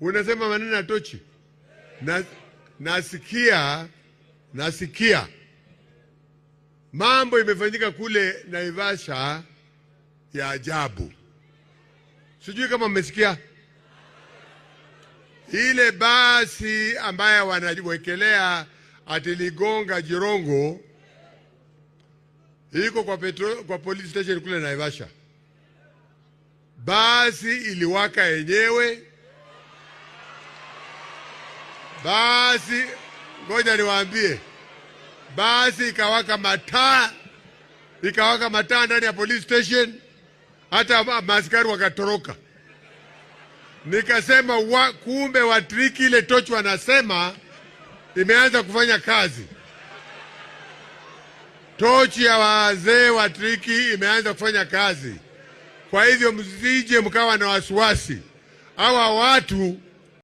Unasema maneno ya tochi na, nasikia nasikia mambo imefanyika kule Naivasha ya ajabu, sijui kama mmesikia ile basi ambayo wanawekelea atiligonga Jirongo iko kwa, petro, kwa police station kule Naivasha. Basi iliwaka yenyewe basi ngoja niwaambie, basi ikawaka mataa, ikawaka mataa ndani ya police station, hata maaskari wakatoroka. Nikasema wa, kumbe watriki ile tochi wanasema imeanza kufanya kazi. Tochi ya wazee wa triki imeanza kufanya kazi. Kwa hivyo msije mkawa na wasiwasi, hawa watu